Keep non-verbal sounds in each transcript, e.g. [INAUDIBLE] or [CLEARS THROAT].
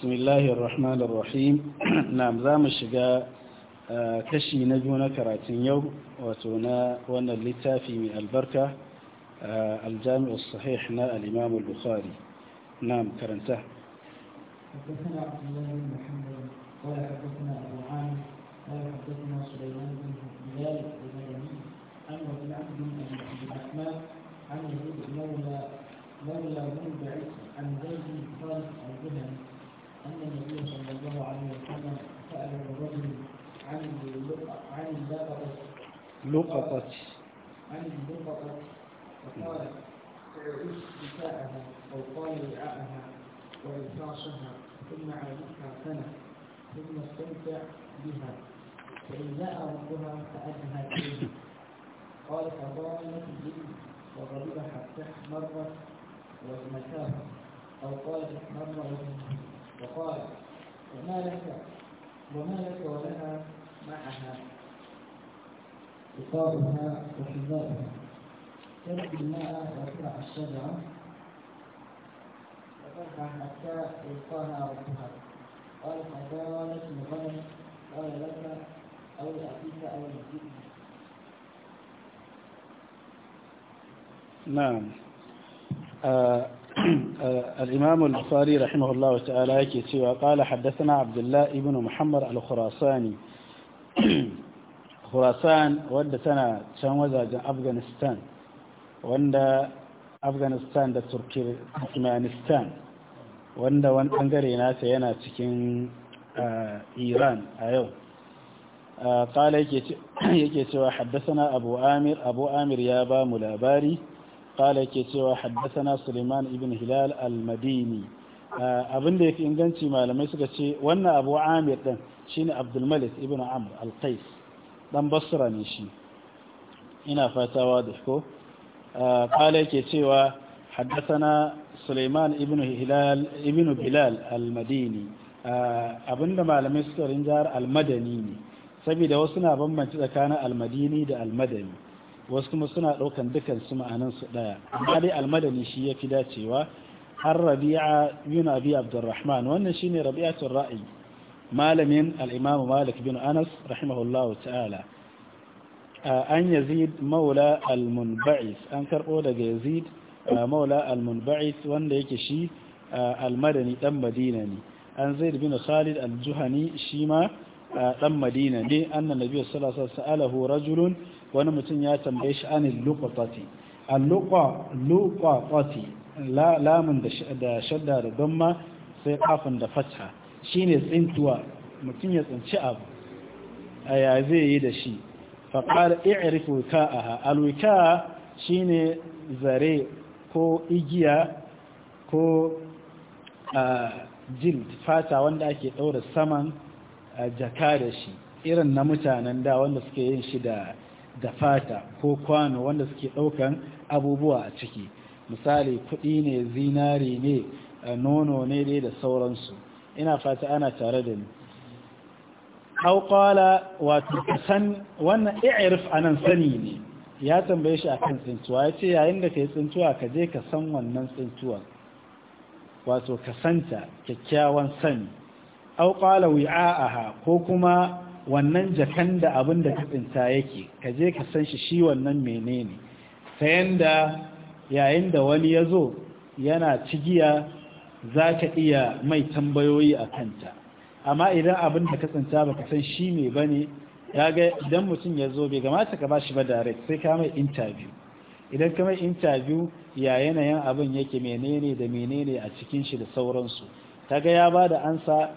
بسم الله الرحمن الرحيم [CLEARS THROAT] نعم ذا الشقاء آه، كشي نجونا كراتين يوم وتونا وانا اللتافي من البركة آه، الجامع الصحيح نا الإمام البخاري نعم كرنته حدثنا عبد الله بن محمد قال حدثنا أبو عامر قال حدثنا سليمان بن بلال المدني عن بن عبد بن الرحمن عن يزيد لولا مولى بن بعيد عن زيد قال الجهني أن النبي صلى الله عليه وسلم سأل الرجل عن عن اللقطة لقطة عن اللقطة فقال اعش بكاءها أو قال وعاءها وإنفاشها ثم عالجها سنة ثم استمتع بها فإن جاء ربها فأدها إليه قال فضالت الإبل وغضب حتى احمرت وزمتاها أو قالت احمر وزمتاها وقال وما لك وما لك ولها معها إطارها وحذاؤها ترك الماء وترع الشجرة وترفع حتى يلقاها ربها قال فقالت مغنم قال لك أو يأتيك أو يجيك نعم آه [CLEARS THROAT] الإمام البخاري رحمه الله تعالى كتي وقال حدثنا عبد الله ابن محمد الخراساني [CLEARS THROAT] خراسان ودتنا تنوزا أفغانستان wanda afghanistan da turkmenistan wanda wani bangare nasa yana cikin iran a yau kala yake cewa haddasa abu amir abu amir ya ba mu labari قال يكي حدثنا سليمان ابن هلال المديني abin da ya fi inganci malamai suka ce wannan abu amir din shi ne abdulmalik ibn amr al-qais dan basra ne shi ina fatawa da ko ƙala yake cewa haddasana suleiman ibn bilal al-madini abinda malamai suka rinjar al-madani ne saboda wasu na bambanci tsakanin al al-madini da al-madani. wasu kuma suna ɗaukan dukan su ma'anan su ɗaya amma dai almadani shi ya fi dacewa har rabi'a bin abi abdurrahman wannan shine rabi'atul ra'i malamin al malik bin anas rahimahullahu ta'ala an yazid maula al-munba'is an karɓo daga yazid maula al-munba'is wanda yake shi almadani ɗan dan madina ne an zaid bin khalid al-juhani shi ma dan madina ne annan nabi sallallahu alaihi wasallam sa'alahu rajulun wani mutum ya tambaye shi an lukwatati al lamun da shadda da damma sai kafin da shi ne tsintuwa mutum ya tsinci abu ya zai yi da shi faƙar i'rif alwuta shi ne zare ko igiya ko jild fata wanda ake ɗaura saman jaka da shi irin na mutanen da wanda suke yin shi da da fata ko kwano wanda suke ɗaukan abubuwa a ciki misali kuɗi ne zinari ne eh, nono ne dai da sauransu ina fata ana tare da ni hau wato san wannan i'irif a nan sani ne ya tambaye shi akan tsintuwa ya ce yayin da ka yi tsintuwa ka je ka san wannan tsintuwa wato ka santa kyakkyawan sani hau ƙwala wi'a'aha ko kuma wannan jakan da abin da ka tsinta yake ka je ka san shi shi wannan menene ta yanda yayin da wani ya zo yana cigiya za ka iya mai tambayoyi a kanta amma idan abin da ka tsinta ba ka san shi ne ba ne ga idan mutum ya zo bai gamata ka ba shi ba direct sai ka mai interview idan ka mai interview ya yanayin abin yake menene da menene a cikin shi da sauransu ta ga ya ba da ansa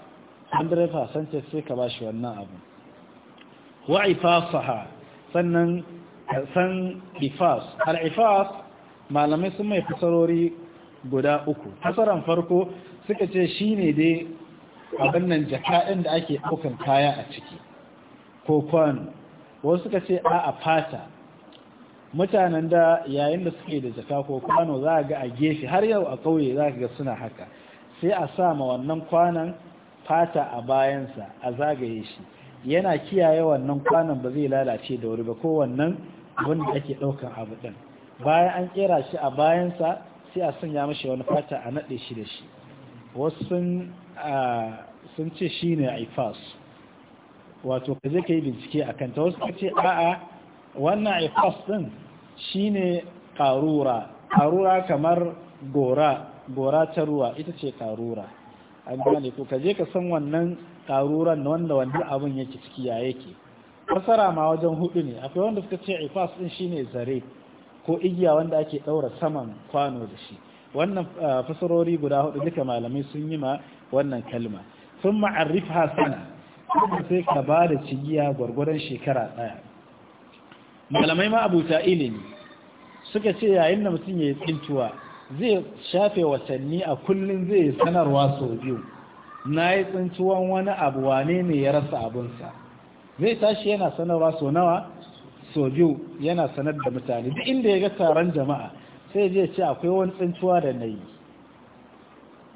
100% sai ka ba shi wannan abin Wa'ifafaha, sannan san ifas al-ifas malamai sun mai fasarori guda uku fasaran farko suka ce shine dai abin nan jaka'in da ake ɗaukan kaya a ciki ko kwano wasu suka ce a a fata mutanen da yayin da suke da jaka ko kwano za ga a gefe har yau a ƙauye za ga suna haka sai a sa ma wannan kwanan fata a bayansa a zagaye shi yana kiyaye wannan kwanan ba zai lalace da wuri ba ko wannan wanda ake ɗaukan abu ɗin bayan an kera shi a bayansa sai a sanya mashi wani fata a naɗe shi da shi wasu sun ce shi ne aifas wato ka je ka yi bincike a kanta wasu ka ce a'a wannan aifas ɗin shi ne ƙarura ƙarura kamar gora gora ta ruwa ita ce ƙarura an gane ko ka je ka san wannan ƙaruran na wanda wanda abin yake ciki ya yake fasara ma wajen hudu ne akwai wanda suka ce ifas din shine zare ko igiya wanda ake ɗaura saman kwano da shi wannan ah, fasarori guda hudu duka malamai sun yi ma wannan kalma sun ma'arrif hasana sai ka ba da cigiya gwargwadon shekara ɗaya malamai ma abuta ilimi suka ce yayin da mutum ya yi tsintuwa zai shafe watanni a kullum zai sanarwa sau biyu na yi tsintuwan wani abu wane ne ya rasa abunsa zai tashi yana sanarwa so nawa so biyu yana sanar da mutane duk inda ya ga taron jama'a sai zai ce akwai wani tsintuwa da na yi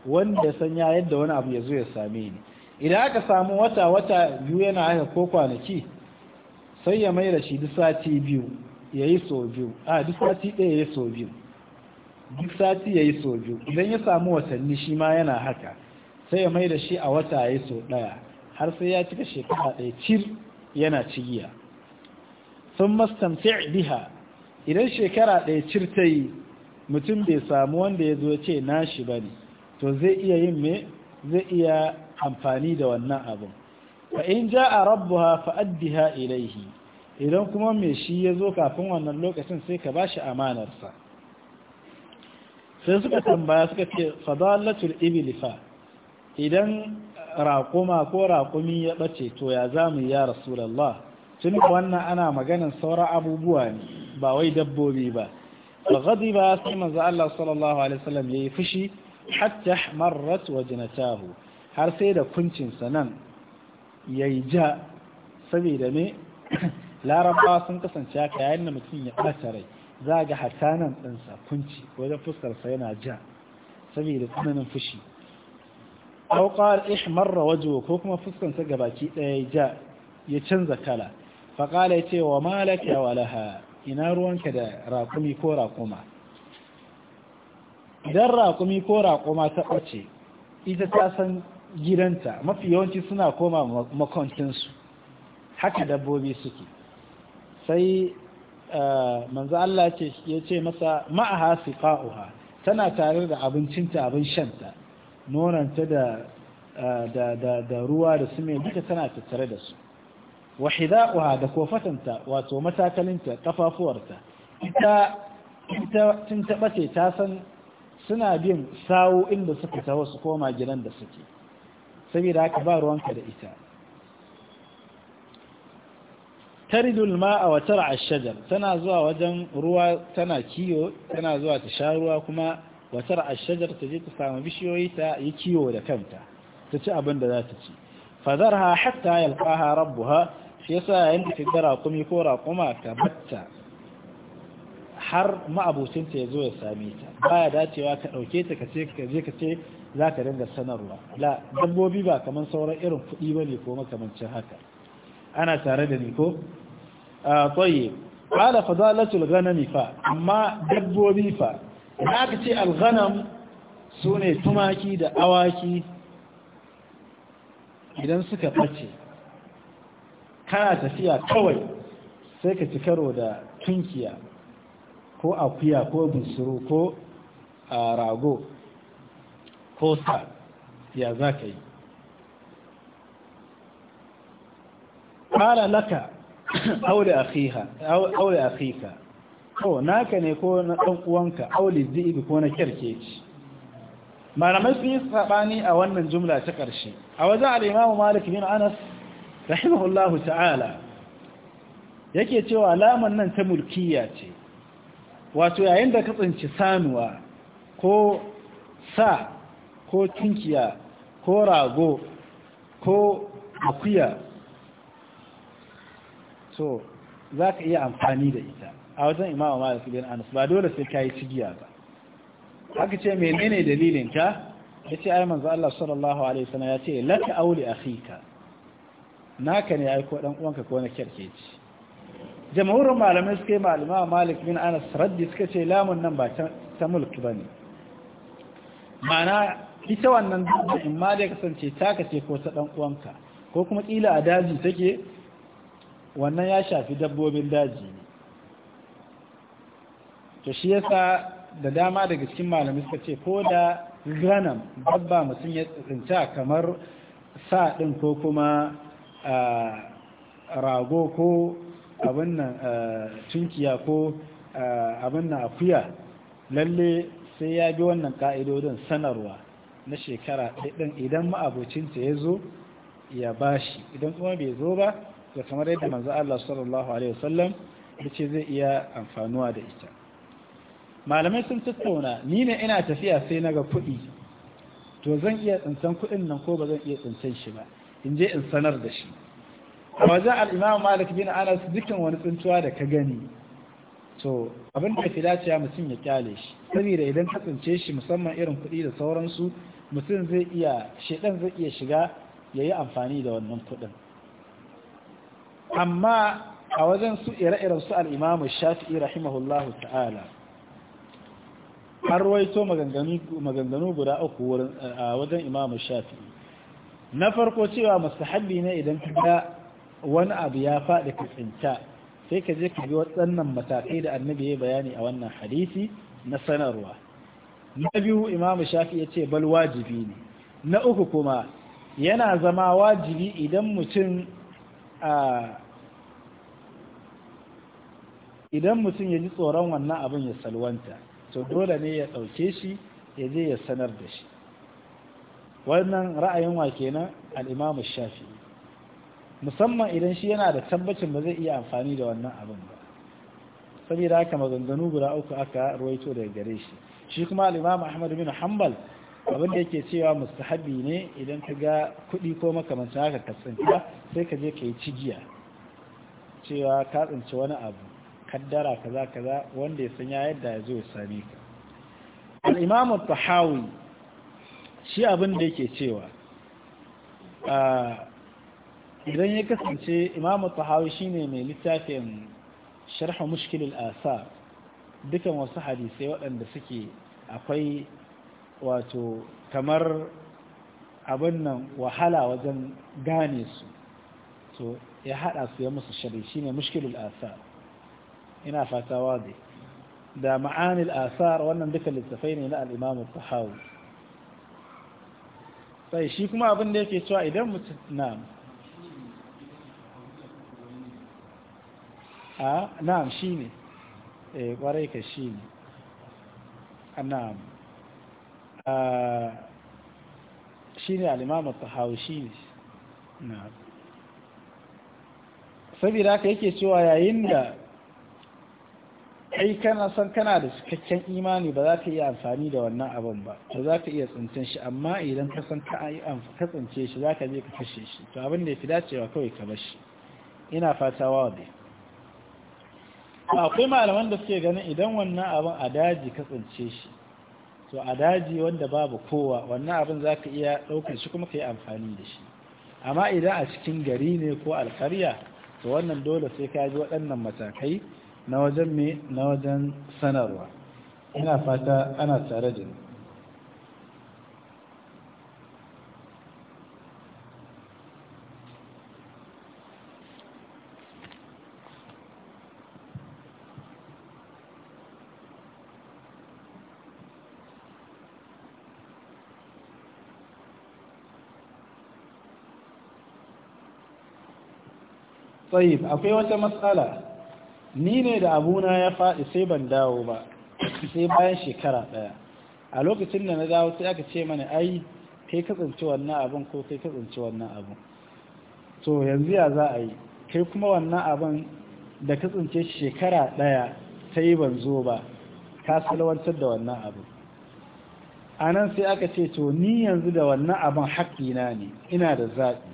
wanda san ya yadda wani abu ya zo ya same ni idan aka samu wata wata biyu yana haka ko kwanaki sai ya mai da shi duk sati biyu ya yi so biyu a duk sati ɗaya ya yi so biyu duk sati ya yi so biyu idan ya samu watanni shi ma yana haka sai ya mai da shi a wata ya so ɗaya har sai ya cika shekara ɗaya cir yana cigiya sun mastamfi biha idan shekara ɗaya cir ta yi mutum bai samu wanda ya zo ya ce shi ba ne to zai iya yin me zai iya amfani da wannan abin fa in ja a rabbuha fa'addi addiha ilaihi idan kuma mai shi ya zo kafin wannan lokacin sai ka ba shi amanarsa sai suka tambaya suka ce fadalatul ibilifa idan raƙuma ko raƙumi ya ɓace to ya za ya rasulallah tun wannan ana maganin sauran abubuwa ne ba wai dabbobi ba ba gadi ba sai manzo Allah sallallahu alaihi wasallam yayi fushi hatta marrat wajnatahu har sai da kuncin sa nan yayi ja saboda me [COUGHS] laraba sun kasance haka yayin da mutum ya ɓata rai za ga hatanan ɗinsa kunci wajen fuskarsa yana ja saboda tsananin fushi aw qala ihmarra ko kuma fuskansa gabaki ɗaya ja ya canza kala fa qala wa malaka wa walaha, ina ruwanka da raƙumi ko raƙuma idan raƙumi ko raƙuma ta ɓace ita ta san gidanta mafi yawanci suna koma makoncinsu haka dabbobi suke sai manzo Allah ya ce masa ma'aha siqa'uha tana tare da abincinta abin shanta nonanta da ruwa da su mai duka tana tattare da su wa hida'uha da kofatanta wato matakalinta kafafuwarta ita ita tun taba ce ta san suna bin sawo inda suka taho su koma gidan da suke saboda haka ba ruwanka da ita taridul ma'a wa tar'a shajar tana zuwa wajen ruwa tana kiyo tana zuwa ta sha ruwa kuma watar a shajar ta je ta samu bishiyoyi ta yi kiwo da kanta ta ci abin da za ta ci fazar ha hatta yalkaha rabbuha shi yasa yayin da ta gara kuma ko raƙuma ta batta har ma'abucinta ya zo ya same ta baya dacewa ka ɗauke ta ka ce ka je ka ce za ka dinga sanarwa la dabbobi ba kamar sauran irin kuɗi ba ne ko makamancin haka ana tare da ni ko ah, tsaye ƙada fadalatul ganami fa amma dabbobi fa da aka ce alghanam su ne tumaki da awaki idan suka face kana tafiya kawai sai ka ci karo da tunkiya ko akuya ko bunsuru ko rago ko sa ya za ka yi ƙara laka [COUGHS] aure akika to naka ne ko na ɗan uwanka auli zibi ko na ci malamai sun yi saɓani a wannan jumla ta ƙarshe a wajen al'imamu malik bin anas rahimahullahu ta'ala yake cewa alaman nan ta mulkiya ce wato yayin da ka tsinci sanuwa ko sa ko tunkiya ko rago ko akuya to za ka iya amfani da ita a wajen imamu malik bin anas ba dole sai ka yi cigiya ba haka ce menene dalilin ka ya ce ai manzo Allah sallallahu alaihi wasallam ya ce laka auli akhika naka ne ai ko dan uwanka ko na kerkeci jama'urun malamai suka yi malama malik bin anas raddi suka ce lamun nan ba ta mulki ba ne mana ita wannan dukkan in ma da kasance taka ce ko ta dan uwanka ko kuma kila a daji take wannan ya shafi dabbobin daji ne to shi yasa da dama daga cikin malami suka ce ko da granam babba mutum ya tsinta kamar sa ɗin ko kuma rago ko abin nan tunkiya ko abin nan akuya lalle sai ya bi wannan ka'idodin sanarwa na shekara ɗin idan ma'abocinta ya zo ya bashi idan kuma bai zo ba da kamar yadda manzo Allah sallallahu alaihi wasallam ya ce zai iya amfanuwa da ita malamai sun tattauna ni ne ina tafiya sai na ga kuɗi to zan iya tsantsan kuɗin nan ko ba zan iya tsantsan shi ba in je in sanar da shi a wajen malik bin anas dukkan wani tsintuwa da ka gani to abin da fi ya mutum ya kyale shi saboda idan ka tsince shi musamman irin kuɗi da sauransu mutum zai iya shedan zai iya shiga ya yi amfani da wannan kuɗin amma a wajen su ire-iren su al'imamu shafi'i rahimahullahu ta'ala har waito maganganu guda uku a wajen imamu shafi na farko cewa mustahabbi ne idan ka wani abu ya faɗi ka tsinta sai ka je ka bi waɗannan matakai da annabi ya bayani a wannan hadisi na sanarwa na biyu imamu shafi ya ce bal wajibi ne na uku kuma yana zama wajibi idan mutum a idan mutum ya ji tsoron wannan abin ya salwanta to dole ne ya ɗauke shi ya je ya sanar da shi wannan ra'ayin wa kenan al'imamu shafi musamman idan shi yana da tabbacin ba zai iya amfani da wannan abin ba saboda haka maganganu guda uku aka ruwaito daga gare shi shi kuma al'imamu ahmad bin hanbal abin da yake cewa mustahabi ne idan ka ga kuɗi ko makamancin haka ka tsinka sai ka je ka yi cigiya cewa ka tsinci wani abu kaddara kaza kaza wanda ya san ya yadda ya zo ya same ka al-imam tahawi shi abin da yake cewa idan ya kasance imam tahawi shine mai littafin sharh mushkil al-asar dukan wasu hadisai waɗanda suke akwai wato kamar abin nan wahala wajen gane su to ya haɗa su ya musu shari shine mushkilul asar ina fata wazi da ma'anil asar wannan duka littafai ne na al tahawi sai shi kuma abin da yake cewa idan mutum na a na'am shi ne eh kwarai ka shi ne na'am shi ne al tahawi shi ne na'am sabira haka yake cewa yayin da kai kana san kana da cikakken imani ba za ka yi amfani da wannan abin ba to za ka iya tsintin shi amma idan ka san ka tsince shi za ka je ka kashe shi to abin da ya fi dacewa kawai ka bar shi ina fata wa bai akwai malaman da suke ganin idan wannan abin a daji ka tsince shi to a daji wanda babu kowa wannan abin za ka iya ɗaukar shi kuma ka yi amfani da shi amma idan a cikin gari ne ko alkarya to wannan dole sai ka ji waɗannan matakai na wajen me na wajen sanarwa ina fata ana tare da ni طيب akwai wata matsala ni ne da abuna ya faɗi sai ban dawo ba sai bayan shekara ɗaya a lokacin da na dawo sai aka ce mana ai kai katsance wannan abin ko kai katsance wannan abin to yanzu ya za a yi kai kuma wannan abin da katsance shekara ɗaya ta yi ban zo ba ka salwantar da wannan abin a nan sai aka ce to ni yanzu da wannan abin haƙƙina ne ina da zaɓi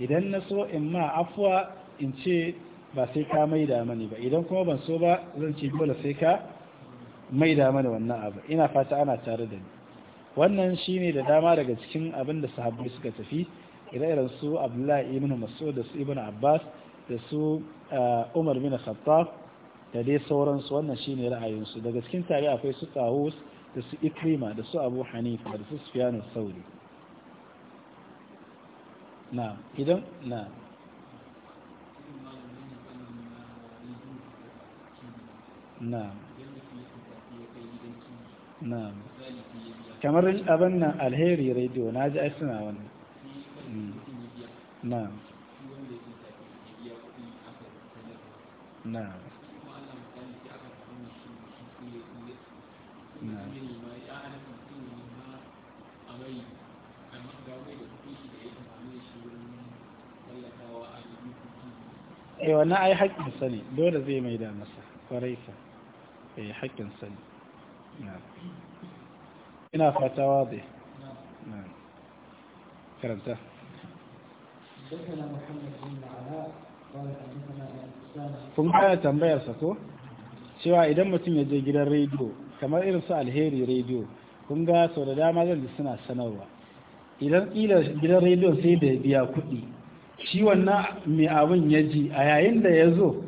idan na so in ma afuwa in ce ba sai ka maida mani ba idan kuma ban so ba zan ce dole sai ka maida mani wannan abu ina fata ana tare da ni wannan shine da dama daga cikin abinda da sahabbai suka tafi ire-iren su Abdullahi ibn Mas'ud da su Ibn Abbas da su eh, Umar bin Khattab da dai sauransu wannan shine ra'ayinsu daga cikin tare akwai su Tawus da su Ikrima da su Abu Hanifa da su Sufyan sauri. na idan na na'am kamar abin nan alheri radio na ji ai suna wannan mm. na'am na'am eh wannan ai haƙƙinsa ne dole zai mai da masa kwarai Eh, haƙƙin sani ina kun kaya tambayarsa ko cewa idan mutum ya je gidan rediyo kamar irin su alheri rediyo kun ga sau da dama zan da suna sanarwa idan ƙila gidan rediyo sai da biya kuɗi shi wannan mai abin ya ji a yayin da ya zo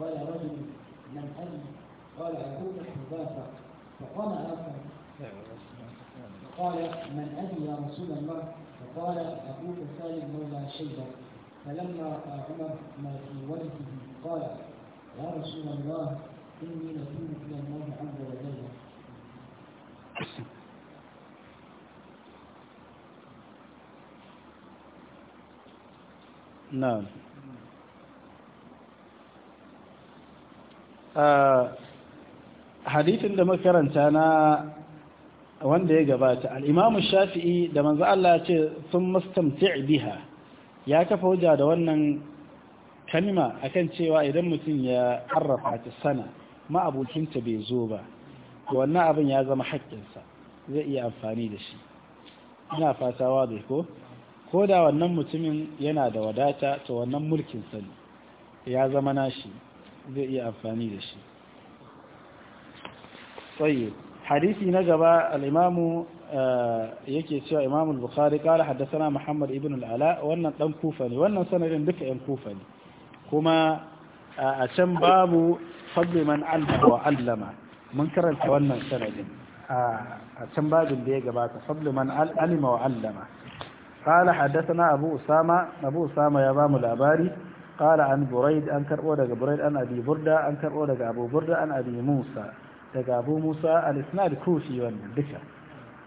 ولا رجل من أبي قال أكون حذافة فقام آخر فقال من أبي يا رسول الله فقال أبوك سالم مولى شيبة فلما رأى عمر ما في وجهه قال يا رسول الله إني لكون إلى الله عز وجل نعم hadithin da makaranta na wanda ya gabata al'imamu shafi'i da manzo Allah ce sun mustamti' biha ya kafa hujja da wannan kalma akan cewa idan mutum ya harrafa ta sana ma'abokinta bai zo ba wannan abin ya zama haƙƙinsa zai iya amfani da shi ina fatawa da ko ko da wannan mutumin yana da wadata to wannan mulkin sani ya zama nashi zai iya amfani da shi tsaye طيب حديثي نجب الإمام yake cewa Imam al-Bukhari kala haddathana Muhammad ibn al wannan dan Kufa ne wannan sanadin duka ɗan Kufa ne kuma eh, a can babu fadli man wa allama mun karanta wannan sanadin eh, a can babin da ya gabata fadli man alima wa allama kala haddathana Abu Usama Abu Usama ya bamu labari قال عن بريد أن كرؤوا دقى بريد أن أبي بردة أن كرؤوا دقى أبو بردة أن أبي موسى دقى أبو موسى الإسناد كوفي والذكر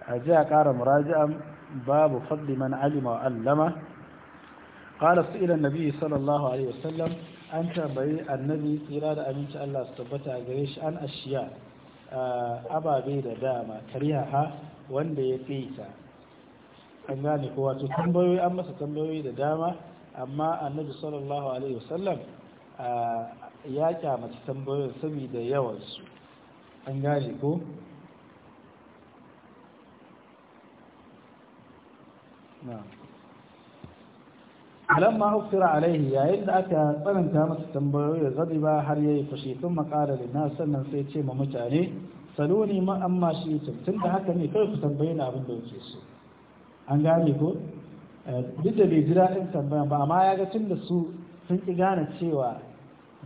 أجاء قال مراجعا باب فضل من علم وعلمه قال سئل النبي صلى الله عليه وسلم أن tambayi annabi tsira da aminci Allah su tabbata gare shi an ashiya ababe da dama kariha wanda ya fi ta an gane kowa to tambayoyi an amma annabi sallallahu alaihi wasallam ya kyamata tambayoyin saboda yawansu an gane ko ma uftira alaihi yayin da aka tsananta masa tambayoyi zabi ba har yayi fushi kun makala da na sannan sai ce ma mutane saloni ma amma shi tun da haka ne kai ku tambaye ni abin da yake so an gane ko Eh, duk da bai ji daɗin tambayan ba amma ya ga tun da su sun ƙi gane cewa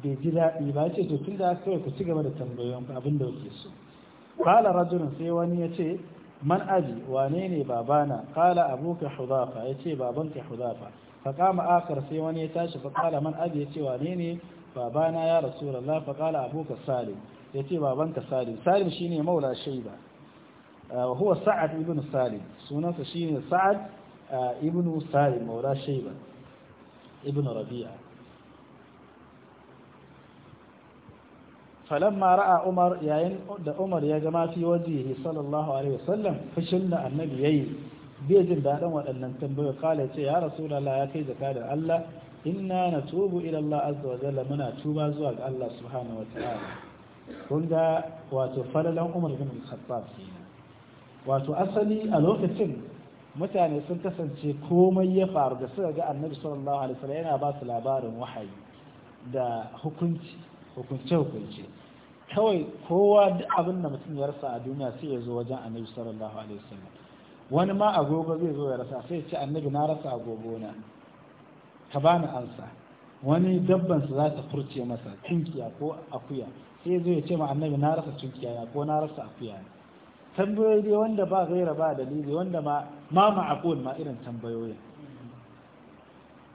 bai ji daɗi ba ce to tun da aka kawai ku ci gaba da tambayoyin abin da wuce su kala rajulun sai wani ya ce man abi wane ne babana kala abuka hudafa ya ce babanka hudafa fa kama akar sai wani ya tashi fa kala man abi ya ce wane ne babana ya rasulullah fa kala abuka salim ya ce babanka salim salim shine maula shaida eh, wa huwa sa'ad ibn salim sunansa shine sa'ad ibnu sa'id maula shayba Ibn rabi'a falamma ra'a umar yayin da umar ya ga ma fi wajihi sallallahu alaihi wasallam fushin da annabi yayi bai jin daɗin waɗannan tambayoyi kala ce ya rasulullah ya kai zaka da Allah inna natubu ila Allah azza wa jalla muna tuba zuwa ga Allah subhanahu wa ta'ala kun ga wato falalan umar bin khattab wato asali a lokacin mutane sun kasance komai ya faru da suka ga annabi sallallahu alaihi wasallam yana ba su labarin wahayi da hukunci hukunce hukunce kawai kowa duk abin da mutum ya rasa a duniya sai ya zo wajen annabi sallallahu alaihi wasallam wani ma agogo zai zo ya rasa sai ya ce annabi na rasa agogo na ka bani ansa wani dabban su za ta furce masa tunkiya ko akuya sai ya zo ya ce ma annabi na rasa tunkiya ko na rasa akuya ne tambayoyi dai wanda ba gaira ba dalili wanda ma ma ma'aqul ma irin tambayoyin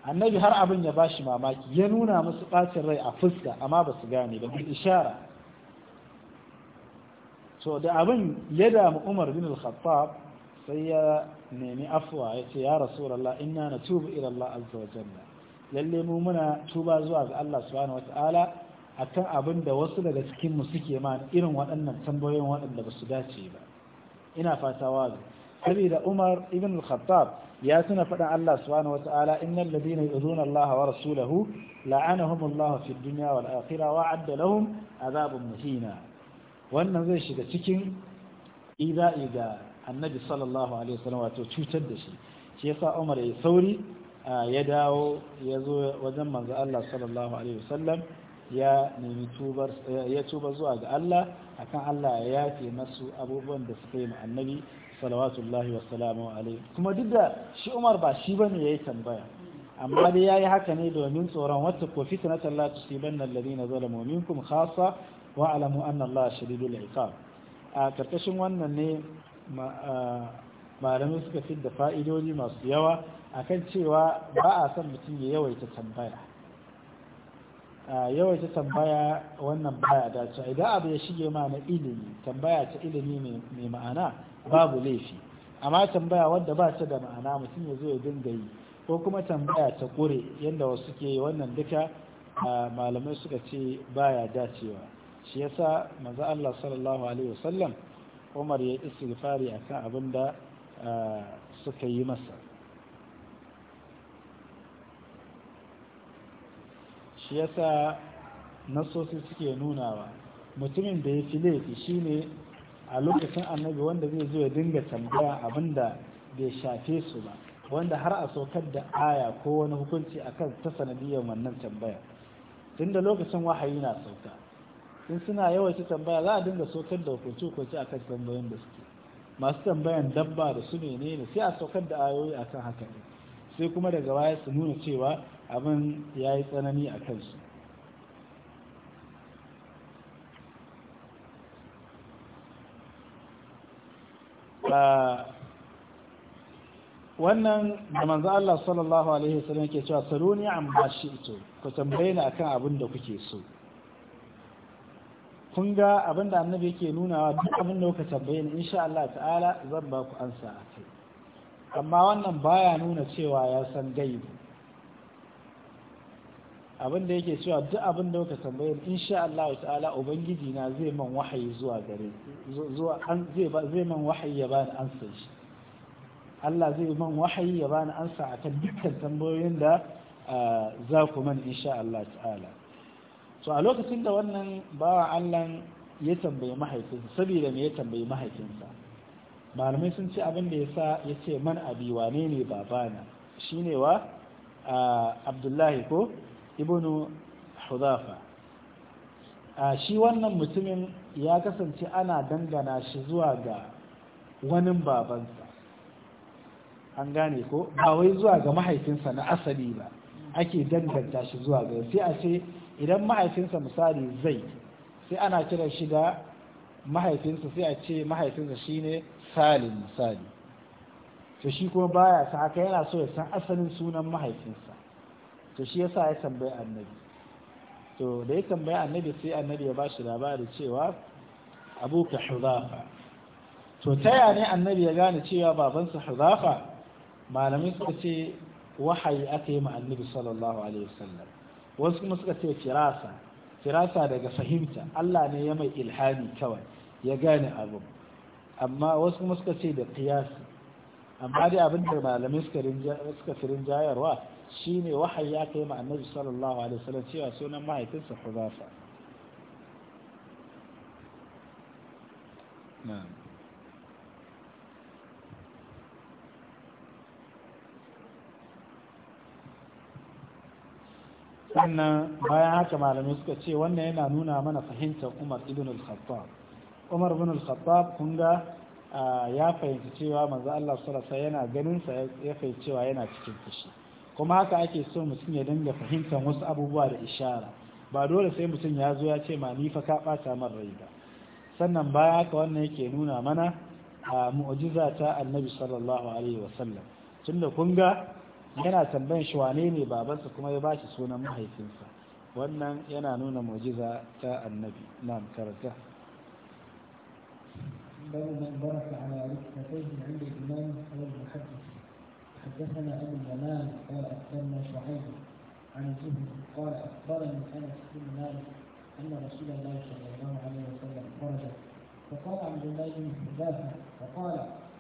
annabi har abin ya bashi mamaki ya nuna musu bacin rai a fuska amma ba su gane ba bi ishara To da abin ya damu Umar bin Al-Khattab sai ya nemi afwa ya ce ya Rasulullah inna natubu ila Allah azza wa jalla lalle mu muna tuba zuwa ga Allah subhanahu ta'ala akan abin da wasu daga cikin mu suke ma irin waɗannan tambayoyin waɗanda ba su dace ba ina fata wazi sabida Umar ibn al-Khattab ya tuna faɗa Allah subhanahu wata'ala innal ladina yu'zuna Allah wa rasulahu la'anahum Allah fi dunya wal akhirah wa adda lahum azabun muhina wannan zai shiga cikin iza iga annabi sallallahu alaihi wasallam wato cutar da shi shi yasa Umar ya sauri ya dawo ya zo wajen manzo Allah sallallahu alaihi wasallam ya nemi tubar ya tuba zuwa ga Allah akan Allah ya yafe masu abubuwan da suka yi ma annabi salawatullahi wa salamu alaihi kuma duk da shi Umar ba shi bane yayi tambaya amma dai yayi haka ne domin tsoron wata ko fitnatan la tusibanna alladhina zalamu minkum khassa wa alamu anna Allah shadidul iqab a karkashin wannan ne malamai suka da fa'idodi masu yawa akan cewa ba a son mutum ya yawaita tambaya yawaita tambaya wannan baya dace idan abu ya shige ma na ilimi tambaya ta ilimi mai ma'ana babu laifi amma tambaya wadda ba ta da ma'ana mutum ya zo ya dinga yi ko kuma tambaya ta kure yadda wasu ke wannan duka malamai suka ce baya dacewa shi yasa maza Allah sallallahu alaihi wasallam Umar ya istighfari akan abin da suka yi masa shi yasa nasosi suke nunawa mutumin da ya fi laifi shine a lokacin annabi wanda zai zo ya dinga tambaya abinda bai shafe su ba wanda har a saukar da aya ko wani hukunci akan ta sanadiyar wannan tambaya tunda lokacin wahayi na sauka in suna yawaita tambaya za a dinga saukar da hukunci hukunci akan tambayoyin da suke masu tambayan dabba da su menene sai a saukar da ayoyi akan haka ne, sai kuma daga baya su nuna cewa abin ya yi tsanani a kansu wannan da manzan Allah sallallahu alaihi wasallam ke cewa saloni an bashi ito ku tambaye ni akan abin da kuke so kun ga abin da annabi yake nunawa duk abin da kuka tambaye ni insha Allah ta'ala zan ba ku ansa a kai amma wannan baya nuna cewa ya san gaibu abin da yake cewa duk abin da kuka tambayar insha Allah ta'ala ubangiji na zai man wahayi zuwa gare zuwa an zai ba zai man wahayi ya bani ansa shi Allah zai man wahayi ya bani ansa akan dukkan tambayoyin da za ku man insha Allah ta'ala to a lokacin da wannan bawa Allah ya tambayi mahaifinsa saboda me ya tambayi mahaifinsa malamai sun ce abin da ya sa ya ce man abi wane ne babana shine wa abdullahi ko ibnu hudafa a shi wannan mutumin ya kasance ana dangana shi zuwa ga wani babansa an gane ko ba wai zuwa ga mahaifinsa na asali ba ake danganta shi zuwa ga sai a ce idan mahaifinsa misali zai sai ana kira shi da mahaifinsa sai a ce mahaifinsa shine salim misali to shi kuma baya sa haka yana so ya san asalin sunan mahaifinsa to shi yasa ya tambayi annabi to da ya tambayi annabi sai annabi ya bashi labari cewa abuka hudafa to ta ya ne annabi ya gane cewa babansa hudafa malamai suka ce wahayi aka yi ma annabi sallallahu alaihi wasallam wasu kuma suka ce firasa firasa daga fahimta Allah ne ya mai ilhami kawai ya gane abu amma wasu kuma suka ce da qiyasi amma dai abin da malamai suka suka firin jayarwa Shi ne wahayi ya kai ma annabi sallallahu alaihi wasallam cewa sunan mahaifinsa Hudhafa sannan bayan haka malamai suka ce wannan yana nuna mana fahimtar Umar ibn al-Khattab Umar ibn al-Khattab kun ga ya fahimci cewa manzo Allah sallallahu alaihi wasallam yana ganin sa ya fahimci cewa yana cikin fushi kuma haka ake so mutum ya dinga fahimtar wasu abubuwa da ishara ba dole sai mutum ya zo ya ce ma ni fa ka bata min rai ba sannan baya haka wannan yake nuna mana a mu'jiza ta annabi sallallahu alaihi wasallam tunda kun ga yana tambayan shi wane ne babansa kuma ya bashi sunan mahaifinsa wannan yana nuna mu'jiza ta annabi na'am karanta من برك على عند الإمام حدثنا ابو اليمان قال اخبرنا شعيب عن الزهد قال اخبرني انس بن مالك ان رسول الله صلى الله عليه وسلم خرج فقال عبد الله بن حذافه فقال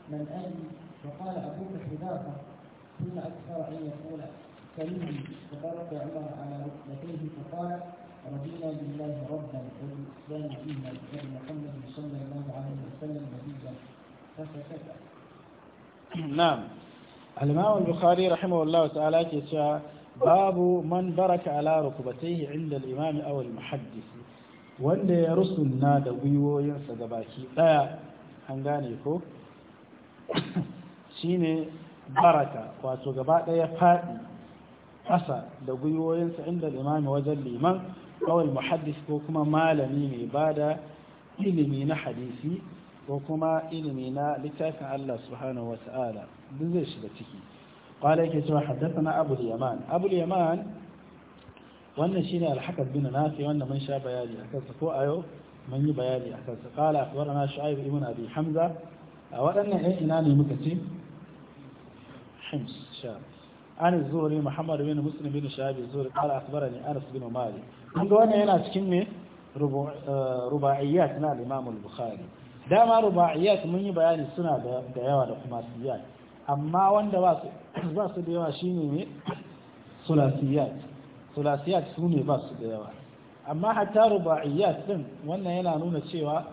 من ابي فقال ابوك حذافه ثم اكثر ان يقول كلمني فبارك عمر على ركبتيه فقال رضينا بالله ربا وبالاسلام دينا وبمحمد صلى الله عليه وسلم نبيا فسكت نعم al-imam al-bukhari rahimahullahu ta'ala ke cewa babu man baraka ala rukubatayhi inda al-imam aw al-muhaddis wanda ya rusunna da gwiwoyinsa ga baki daya an ko shine baraka wato gabaɗaya daya fadi asa da gwiwoyinsa inda al wajen liman aw al-muhaddis ko kuma malami mai bada ilimi na hadisi ko kuma ilimi na littafin Allah subhanahu wa ta'ala, duk zai shiga ciki qala yake cewa na abu yaman abu yaman wannan shi ne hakam bin nafi wannan mun sha bayani akan sa ko ayo mun yi bayani a akan sa qala akhbarana shu'aib ibn abi hamza a waɗannan 'yan ina ne muka ce hims sha عن الزهري محمد بن مسلم بن شهاب الزهري قال أخبرني أنس بن مالك عند وانا هنا تكني رباعيات نا الإمام Bukhari. dama ruba'iyat mun yi bayani suna da yawa da kuma siyat amma wanda ba su [COUGHS] da yawa shine ne [COUGHS] sulasiyat sulasiyat su ba su da yawa amma hatta ruba'iyat din wannan yana nuna cewa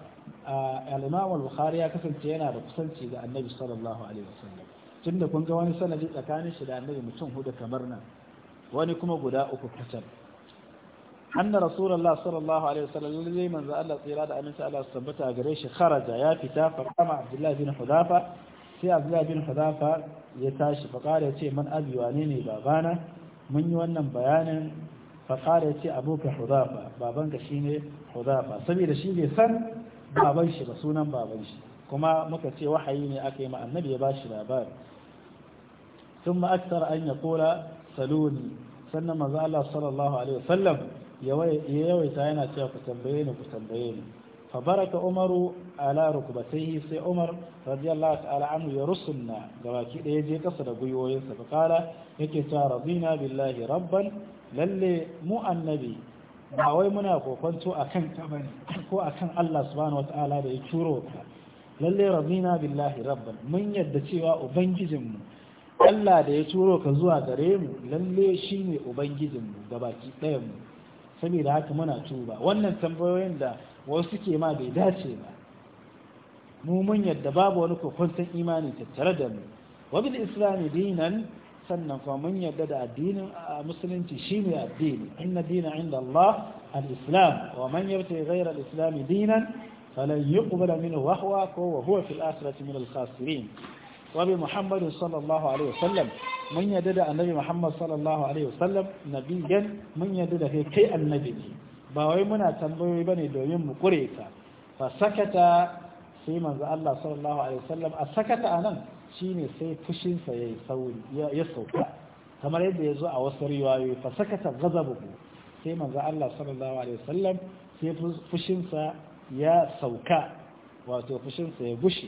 al-Imam al-Bukhari ya kasance yana da kusanci ga Annabi sallallahu alaihi wasallam tunda kun ga wani sanadi tsakanin shi da Annabi mutum hudu kamar nan wani kuma guda uku kacal anna rasulullah sallallahu alaihi wasallam zai manzo Allah tsira da aminci ala su tabbata gare shi kharaja ya fita fa kama Abdullah bin Hudafa sai Abdullah bin Hudafa ya tashi fa kare ce man abi wane ne babana mun wannan bayanan fa kare ce abuka Hudafa babanka shine Hudafa saboda shi bai san baban shi ba sunan baban shi kuma muka ce wahayi ne aka yi ma annabi ya shi labari tun ma'aikatar أن يقول سلوني سنة مزالة صلى الله عليه وسلم Ya yawaita yana cewa ku tambaye ni ku tambaye ni fa baraka umaru ala rukbatayhi sai umar radiyallahu ta'ala anhu ya rusulna gabaki daya je kasa da guyoyinsa fa kala yake cewa radina billahi rabban lalle mu annabi ba wai muna kokonto akan ka bane ko akan Allah subhanahu wataala da ya turo ka lalle radina billahi rabban mun yadda cewa ubangijinmu Allah da ya turo ka zuwa gare mu lalle shine ubangijinmu gabaki ɗayan mu saboda haka muna tuba wannan tambayoyin da wasu ke ma bai dace ba mu mun yadda babu wani kokwanton imani tattare da mu wa bil dinan sannan kuma mun yadda da addinin musulunci shine addini inna dina inda Allah al-islam wa man yabta ghayra al-islam dinan falan yuqbala minhu wa huwa wa huwa fil akhirati min al-khasirin wabi Muhammadu sallallahu alaihi wasallam mun yadda da annabi muhammad sallallahu alaihi wasallam nabiyan mun yadda da kai annabi ne ba wai muna tambayoyi bane domin mu kure ka fa sakata sai manzo Allah sallallahu alaihi wasallam a sakata anan shine sai fushin sa yayi sauri ya sauka kamar yadda yazo a wasu riwayoyi fa sakata ghadabuhu sai manzo Allah sallallahu alaihi wasallam sai fushin sa ya sauka wato fushin sa ya bushe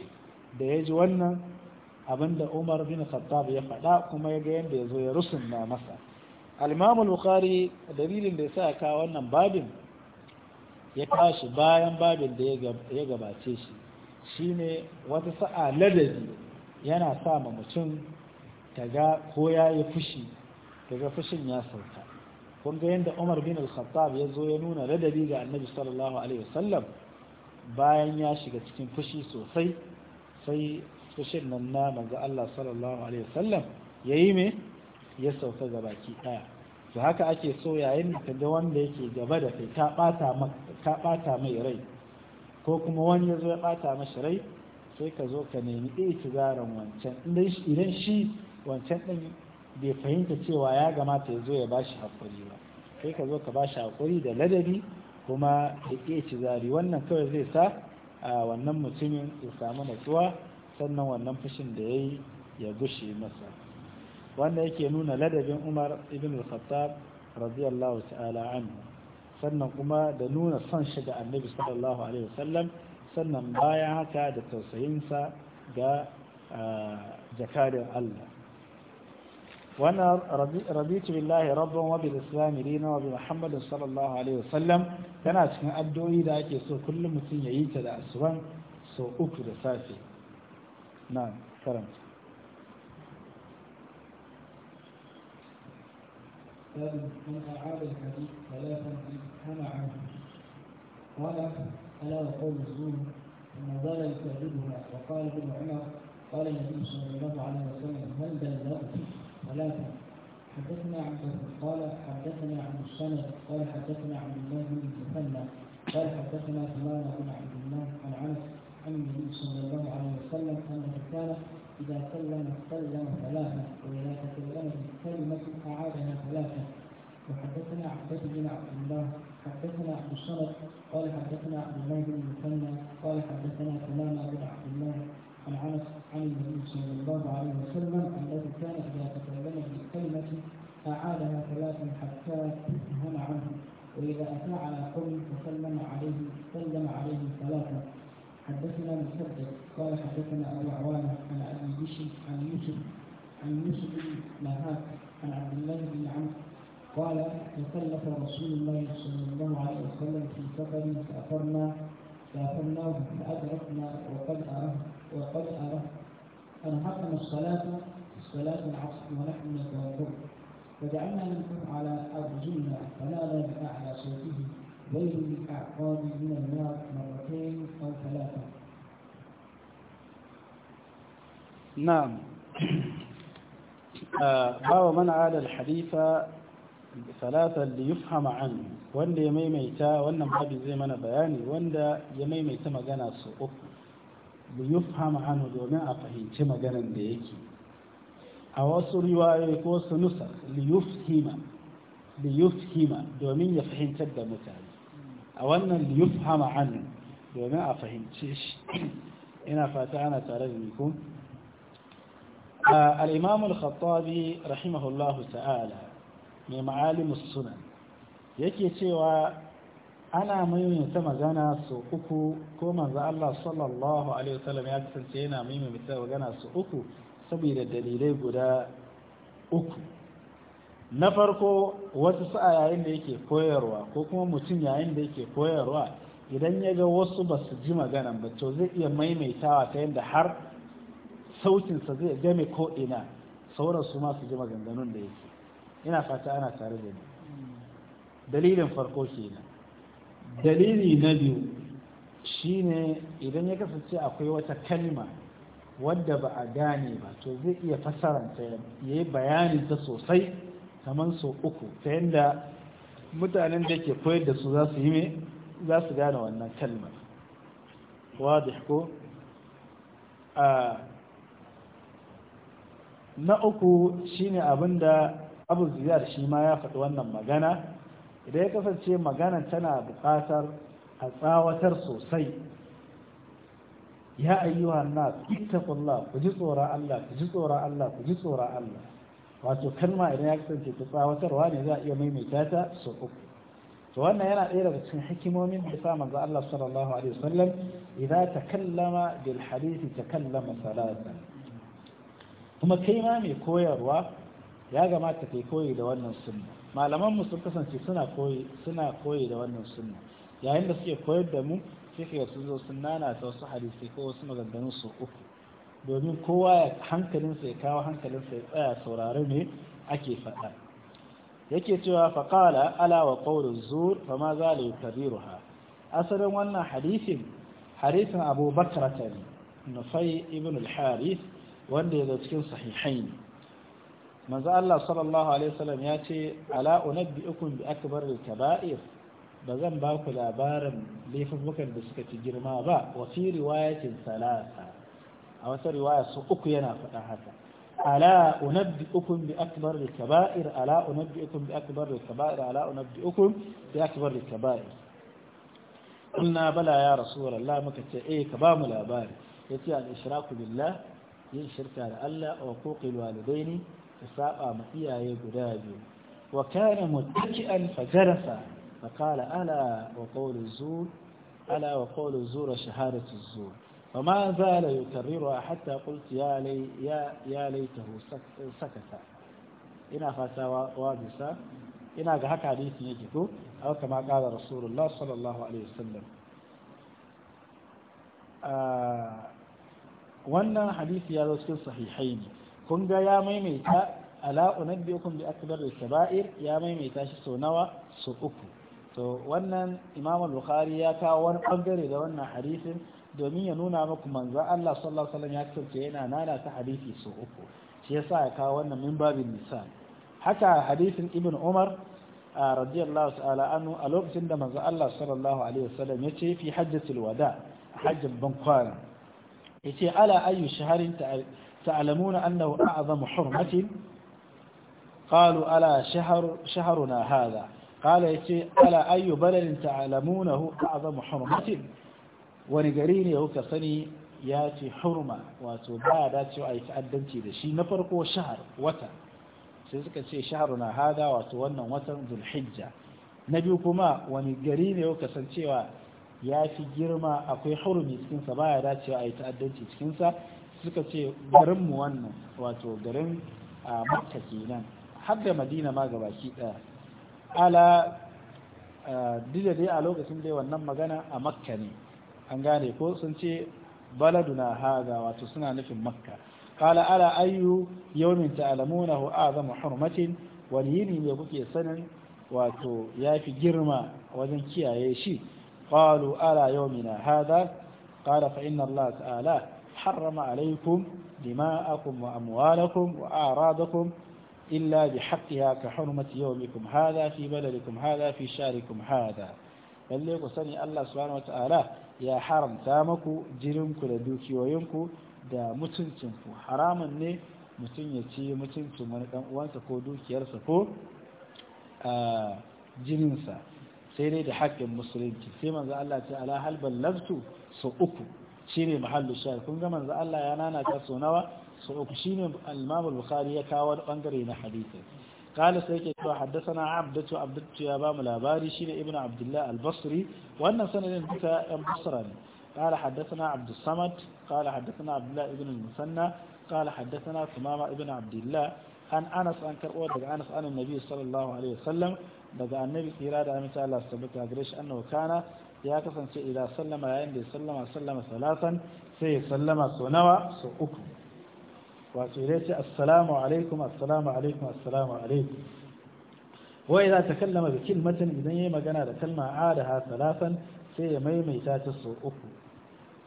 da yaji wannan abinda Umar bin Khattab ya faɗa kuma ya ga yadda ya zo ya rusunna masa al-Imam al-Bukhari dalilin da yasa ka wannan babin ya tashi bayan babin da ya gabace shi shine wata sa'a ladabi yana sa ma mutum kaga ko ya yi fushi daga fushin ya sauka kun ga yadda Umar bin Al-Khattab ya zo ya nuna ladabi ga Annabi sallallahu alaihi wasallam bayan ya shiga cikin fushi sosai sai fushin nan na manzo Allah sallallahu alaihi wasallam yayi me ya sauka gabaki daya to haka ake so yayin da kaga wanda yake gaba da kai ta bata maka ta bata mai rai ko kuma wani yazo ya bata mashi rai sai ka zo ka nemi itizaran wancan idan shi wancan din bai fahimta cewa ya gamata ya zo ya bashi hakuri ba sai ka zo ka bashi hakuri da ladabi kuma da zari, wannan kawai zai sa a wannan mutumin ya samu natsuwa sannan wannan fushin da ya yi ya gushe masa wanda yake nuna ladabin umar ibn al-khattab radiyallahu ta'ala anhu sannan kuma da nuna son shi ga annabi sallallahu alaihi wasallam sannan bayan haka da tausayinsa ga ah, jakadin Allah Wannan رضيت بالله ربا وبالاسلام دينا وبمحمد صلى الله عليه وسلم kana cikin addu'o'i da ake so kullum mutum ya yi ta da asuban so uku da safe نعم كرم من أعاد الحديث ثلاثا كان عنه قال ألا وقول الزور ثم زال يكذبها وقال ابن عمر قال النبي صلى الله عليه وسلم هل بلغت ثلاثا حدثنا عن قال حدثنا عن السند قال حدثنا عن الله بن قال حدثنا ثمان بن عبد الله عن عنس عن النبي صلى الله عليه وسلم انه كان اذا سلم سلم ثلاثه واذا تكلم الكلمه اعادها ثلاثه وحدثنا عبد بن عبد الله حدثنا عبد الصمد قال حدثنا عبد الله بن المثنى قال حدثنا تماما بن عبد الله عن انس عن النبي صلى الله عليه وسلم الذي كان اذا تكلم بالكلمه اعادها ثلاثا حتى تفهم عنه واذا اتى على قوم فسلم عليه سلم عليه ثلاثا حدثنا مصدق قال حدثنا ابو عوانه عن ابي بشر عن يوسف عن يوسف بن مهات عن عبد الله بن عمرو قال تكلف رسول الله صلى الله عليه وسلم في سفر فأثرنا فأثرناه فأدركنا وقد أره وقد أره أنهقنا الصلاة صلاة العصر ونحن نتوضأ فجعلنا ننكر على أرجلنا فنادى بأعلى صوته غير الأعقاب من النار مرتين أو ثلاثة نعم bawa mana adal hadifa salatan da yufham an wanda ya maimaita wannan habi zai mana bayani wanda ya maimaita magana su uku da yufham an domin a fahimci maganan da yake a wasu riwaye ko sunusa domin ya fahimtar da mutane a wannan hama an domin a fahimce shi ina fata ana tare da ni ko al-imam al-khattabi rahimahullahu ta'ala mai ma'alimus sunan yake cewa ana maimaita magana su uku ko manzo Allah sallallahu alaihi wasallam ya kasance yana maimaita magana su uku saboda dalilai guda uku na farko wasu sa'a yayin da yake koyarwa ko kuma mutum yayin da yake koyarwa idan ya ga wasu ba su ji magana ba to zai iya maimaitawa ta yadda har sautinsa zai game ko ina sauran su ma su ji maganganun da yake ina fata ana tare da ni dalilin farko kenan dalili na biyu shine idan ya kasance akwai wata kalma wadda ba a gane ba to zai iya fasaranta ya yi bayanin ta sosai kamar sau uku ta yadda mutanen da ke koyar da su za su yi mai za su gane wannan kalmar wadda ko a na uku shine abinda abu ziyar shi ma ya faɗi wannan magana idan ya kasance magana tana buƙatar a tsawatar sosai ya ayyuhan nas ittaqullah ku ji tsoron Allah ku ji tsoron Allah ku ji tsoron Allah wato kalma idan ya kasance ta tsawatarwa ne za a iya maimaita ta sau uku to wannan yana ɗaya daga cikin hikimomin da sa manzo Allah sallallahu alaihi wasallam idan takallama bil hadisi takallama salatan kuma kai ma mai koyarwa ya gamata kai koyi da wannan sunna malaman mu sun kasance suna koyi suna koyi da wannan sunna yayin da suke koyar da mu sai ka su zo sun nana ta wasu hadisi ko wasu maganganu su uku domin kowa ya hankalinsa ya kawo hankalinsa ya tsaya saurari ne ake faɗa yake cewa faƙala ala wa ƙaurin zur fa ma za la ha. asalin wannan hadisin hadisin abu bakrata ne nufai ibn al-harith wanda ya zo cikin sahihai ne Allah sallallahu alaihi wasallam ya ce ala unabbiukum bi akbar al-kaba'ir ba zan ba ku labarin laifuffukan da suka ci girma ba wa fi riwayatin salasa a wata riwaya su uku yana faɗa haka ala unabbi'ukum bi akbar al-kaba'ir ala unabbi'ukum bi akbar al-kaba'ir ala unabbi'ukum bi akbar al-kaba'ir qulna bala ya rasulullah muka ce eh ka ba mu labari yace al-ishraku billah yin shirka da Allah wa huquqil walidaini ka saba ma iyaye guda biyu wa kana muttaki'an fajarasa fa qala ala wa qawlu zur ala wa qawlu zur shahadatu zur فما زال يكررها حتى قلت يا لي يا يا ليته سكت ina fata wa bisa ina ga haka hadisi yake ko aw kama qala rasulullah sallallahu alaihi wasallam wannan hadisi ya zo cikin sahihaini kun ga ya maimaita ala unabbiukum bi akbar al-kaba'ir ya maimaita shi so nawa so uku to wannan imam al-bukhari ya kawo wani bangare da wannan hadisin domin ya nuna muku manzon Allah sallallahu alaihi wasallam ya kace yana nana ta hadisi su uku shi yasa ya kawo wannan min babin misal haka hadithin ibn Umar radiyallahu ta'ala anhu a lokacin da manzon Allah sallallahu alaihi wasallam ya ce fi hajjatul wada hajjin ban ya ce ala ayyu shaharin ta'lamuna annahu a'zamu hurmatin قالوا ألا شهر شهرنا هذا قال ala ayu أي بلد تعلمونه أعظم حرمة wani gari ne kuka sani ya ce hurma wato ba a dacewa a yi ta'addanci da shi na farko shahar wata sai suka ce shahar na hada wato wannan watan zulhijja na biyu kuma wani gari ne kuka san cewa ya fi girma akwai hurumi cikinsa ba a dacewa a yi ta'addanci cikinsa suka ce garinmu wannan wato garin a makka kenan har da madina ma gabaki ɗaya ala dida dai a lokacin dai wannan magana a makka ne an gane ko sun ce baladuna haza wato suna nufin makka kala ala ayyu yawmin ta'lamunahu azamu hurmatin wani yini ne kuke sanin wato yafi girma wajen kiyaye shi qalu ala yawmina hada qala fa inna allaha ta'ala harrama alaykum dima'akum wa amwalakum wa a'radakum illa bihaqqiha ka hurmati yawmikum hada fi baladikum hada fi sharikum hada lalle ku sani Allah subhanahu ta'ala ya haramta maku jirinku da dukiyoyinku da mutuncinku haramun ne mutum ya ci mutuncin wani dan uwansa ko dukiyarsa ko a jininsa sai dai da haƙƙin musulunci sai manzo Allah ta ala hal ballagtu su uku shine mahallu shahid kun ga manzo Allah ya nana ta so nawa so uku shine al-Imam al-Bukhari ya kawo bangare na hadisi kala sai yake cewa haddasa abdatu abdatu ya ba mu labari shi ne ibn abdullahi albasri wannan sanadin duka yan basra ne kala haddasa na abdussamad kala haddasa na abdullahi ibn musanna kala sumama ibn abdullahi an anas an karbo daga anas an nabi sallallahu alaihi wasallam daga annabi kira da amsa Allah sabaka gresh annahu ya kasance idan sallama yayin da ya sallama sallama salasan sai ya sallama sunawa su uku wato ya ce assalamu alaikum assalamu alaikum assalamu alaikum wa idza takallama bi kalmatin idan yayi magana da kalma adaha salasan sai ya maimaita ta so uku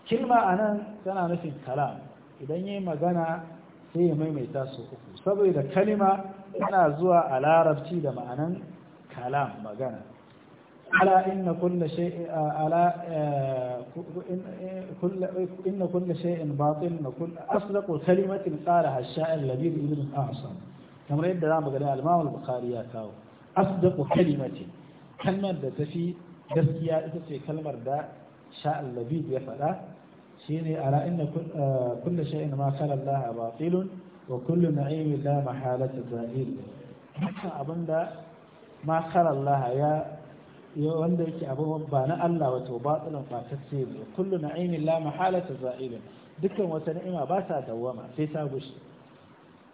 kilma anan tana nufin kalam idan yayi magana sai ya maimaita so uku saboda kalima tana zuwa a larabci da ma'anan kalam magana ألا إن كل شيء ألا كل إن كل شيء باطل وكل أصدق كلمة قالها الشاعر لبيب ابن أعصم كما يبدأ دام قال الإمام البخاري يا أصدق كلمة كلمة تفي gaskiya ita ce kalmar da sha'al labid ya faɗa shine ala inna kullu shay'in ma khala Allah batilun wa kullu na'imin la mahalata zahir dukkan abinda ma ya wanda yake abu ba na Allah wato batilan fatacce ne kullu na'imin la mahalata za'ilin dukkan wata ni'ima ba ta dawwama sai ta gushe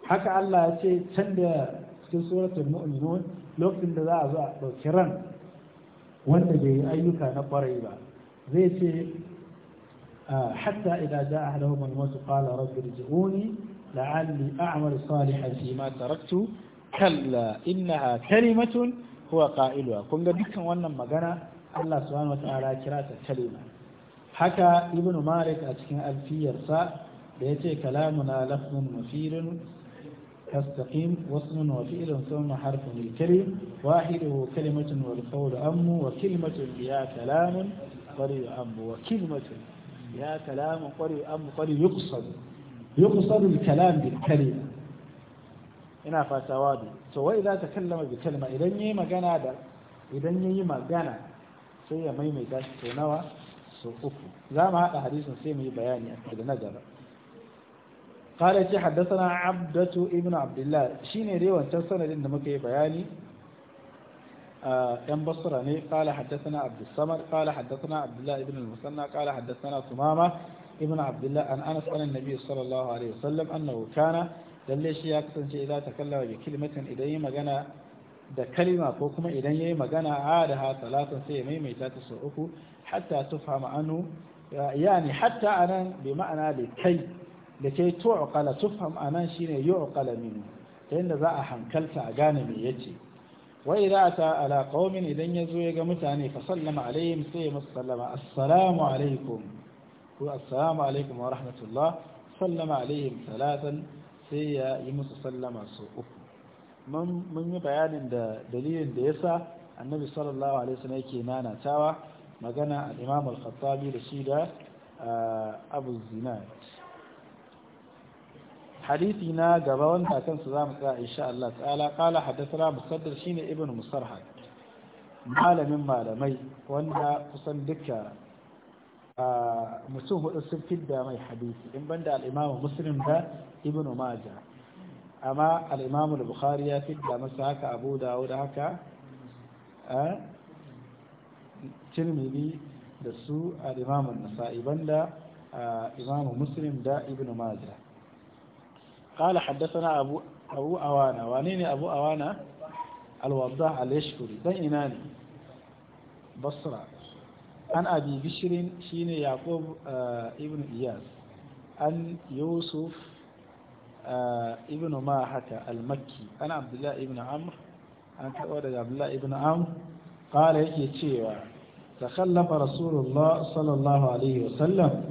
haka Allah ya ce can da cikin suratul mu'minun lokacin da za a zo a ɗauki ran wanda bai yi ayyuka na kwarai ba zai ce ah, hatta idan ja ahlahum al-maut qala rabbi rji'uni la'alli a'malu salihan fi ma taraktu kalla innaha kalimatun huwa ka'iluwa kun ga dukkan wannan magana Allah subhanahu wataala kira ta kalima haka ibn malik a cikin alfiyarsa da yace kalamuna lafzun mufirun تستقيم وصل وفئل ثم حرف الكريم واحده كلمة والقول أم وكلمة يا كلام قري أم وكلمة يا كلام قري أم قري يقصد يقصد الكلام بالكلمة ina fata wadu to wai za ta kallama bi kalma idan yayi magana da idan yayi magana sai ya maimaita shi to nawa so uku za mu haɗa hadisin sai mu yi bayani da na gaba قال يجي حدثنا عبدة ابن عبد الله شيني دي وانتن da muka yi bayani yan basra ne qala haddathana abd samad qala haddathana ibn al-musanna qala haddathana sumama ibn abdullah an anas an an sallallahu alaihi wasallam annahu lalle shi ya kasance idan ta kallama bi kalimatin idan yi magana da kalima ko kuma idan yayi magana a da ha talatan sai ya maimaita ta sau uku hatta tufhama anhu yani hatta anan bi ma'ana da kai da kai tu'qala tufham anan shine yu'qala min ta yanda za a hankalta a gane me yace wa idza ta ala qaumin idan yazo ya ga mutane fa sallama alaihim sai ya masu sallama assalamu alaikum ko assalamu alaikum wa rahmatullah sallama alaihim salatan sai ya yi musu sallama su uku mun yi bayanin da dalilin da yasa annabi sallallahu alaihi wasallam yake nanatawa magana al-imam al-khattabi da shi da ah, abu zinad حديثي نا غبا وانت كان سلام ان شاء الله تعالى قال حدثنا مصدر شين ابن مصرحه malamin malamai wanda kusan duka mutum hudu sun fidda mai hadisi in banda al'imamu muslim da ibn majah amma al'imamu bukhari ya fidda masa haka abu da dawud haka a tirmidhi da su al'imamu nasa'i banda imamu muslim da ibn majah قال حدثنا أبو أبو أوانا وانيني أبو أوانا الوضاح اليشكري ina إناني basra. an abi bishirin shine yaqub ibn iyas an yusuf ibn mahata al-makki an abdullah ibn amr an taɓa daga abdullah ibn amr qala yake cewa takhallafa rasulullah sallallahu alaihi wasallam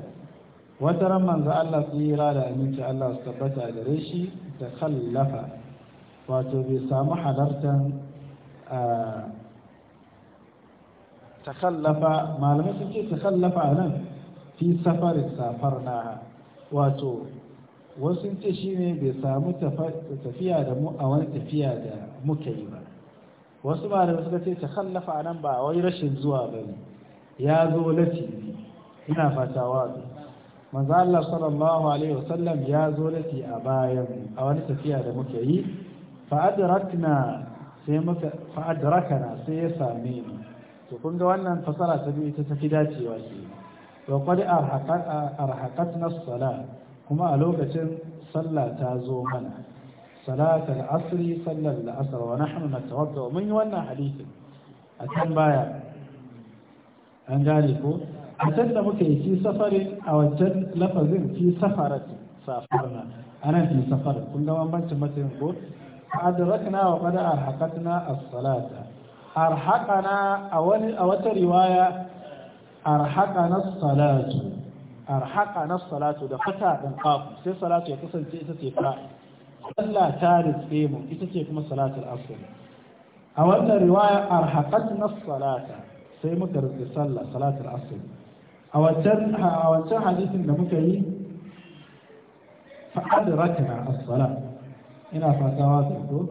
wata ran manzo Allah tsira da aminci Allah su tabbata gare shi takhallafa wato bai samu halartan takhallafa malamai sun ce takhallafa nan fi safarin safar na wato wasu sun ce shi ne bai samu tafiya da mu a wani tafiya da muka yi ba wasu malamai suka ce takhallafa nan ba wai rashin zuwa ba ne ya zo lati ina fata wato manzo Allah sallallahu alaihi wasallam ya zo lati a bayan a wani tafiya da muka yi fa adrakna sai muka fa adrakana sai ya same ni to kun ga wannan fasara ta biyu ita tafi dacewa ke wa qad arhaqat nas-sala kuma a lokacin sallah ta zo mana salatul asri sallar al-asr wa nahnu natawadda mun yi wannan hadisi a can baya an gane ko a can da muka yi fi safarin a wajen lafazin fi safarati safarna anan fi safar kun ga bambancin matsayin ko adrakna wa qad arhaqatna as-salata arhaƙana a wani a wata riwaya arhaƙana salatu arhaƙana salatu da fata ɗan ƙafu sai salatu ya kasance ita ce fa Allah ta ritse mu ita ce kuma salatul asali. a wannan riwaya arhaƙatna salata sai muka ritse sallah salatul asr a wancan hadisin da muka yi fa adrakna as-salat ina fata wa ko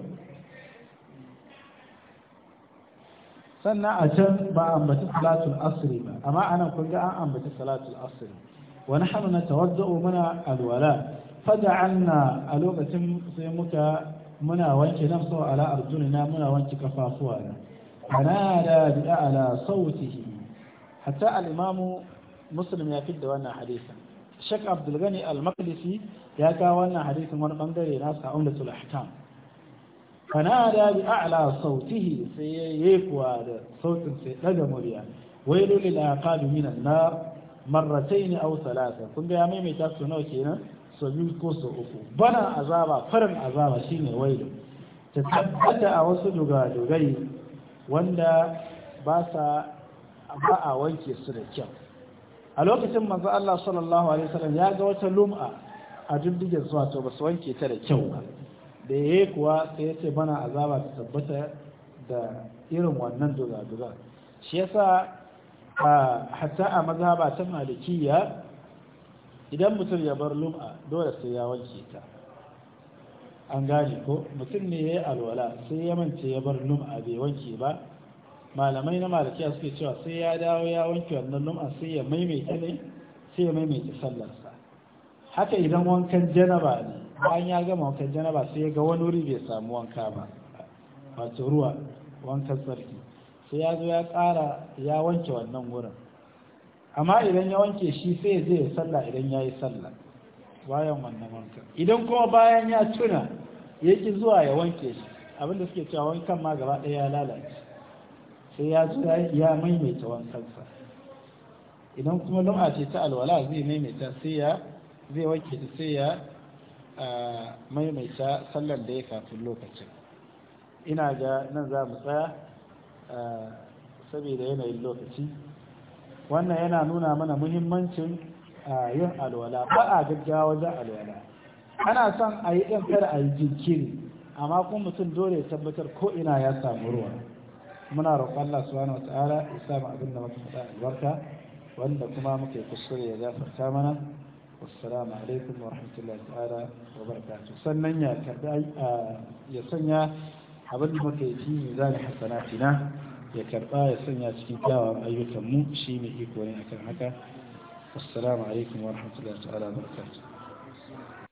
sannan a can ba a ambaci salatul asri ba amma anan kun an ambaci salatul asri wa na natawaddau muna alwala faja'alna a lokacin sai muka muna wanke nafsu ala arjunina muna wanke kafafuwa ana da bi ala sautihi hatta al muslim ya fidda wannan hadisa shek abdulgani al-maqdisi ya kawo wannan hadisin wani bangare na sa'un da ahkam fanada bi a'la sautihi sai ya yekuwa da sautin sai daga murya wailu lil aqabi minan nar marratayn aw thalatha kun ga mai mai tasu nawa kenan so biyu ko so uku bana azaba farin azaba shine wailu ta tabbata a wasu dugadugai wanda ba sa a wanke su da kyau a lokacin manzo Allah sallallahu alaihi wasallam ya ga wata lum'a a jirgin zuwa to ba su wanke ta da kyau ba da ya kuwa sai ya ce mana azaba ta tabbata da irin wannan doza shi yasa a hatta a mazaba ta malikiya idan mutum ya bar lum'a dole sai ya wanke ta an gane ko mutum ne ya yi alwala sai ya mance ya bar lum'a bai wanke ba malamai na malikiya suke cewa sai ya dawo ya wanke wannan lum'a sai ya maimaita ne sai ya maimaita sallarsa haka idan wankan janaba ne bayan ya gama wankan janaba sai ya ga wani wuri bai samu wanka ba wato ruwa wankan tsarki sai ya zo ya ƙara ya wanke wannan wurin amma idan ya wanke shi sai ya zai sallah idan ya yi sallah bayan wannan wankan idan kuma bayan ya tuna ya ki zuwa ya wanke shi abinda suke cewa wankan ma gaba ɗaya ya lalace sai ya zo ya maimaita wankansa idan kuma lum'a ce ta alwala zai maimaita sai ya zai wanke ta sai ya maimaita sallar da ya kafin lokacin ina ga nan za mu tsaya saboda yanayin lokaci wannan yana nuna mana muhimmancin yin alwala ba a gaggawa wajen alwala ana son a yi ɗan kar a yi jinkiri amma kuma mutum dole ya tabbatar ko ina ya samu ruwa muna roƙon Allah subhanahu wataala ya samu abin da muka faɗa albarka wanda kuma muke kuskure ya gafarta mana assalamu alaikum wa rahmatullahi ta'ala wa barakatuh sannan ya karbi ya sanya abin da muka yi ne zani hasanatina ya karba ya sanya cikin kyawawan ayyukan mu ne iko ne akan haka assalamu alaikum wa rahmatullahi ta'ala wa barakatuh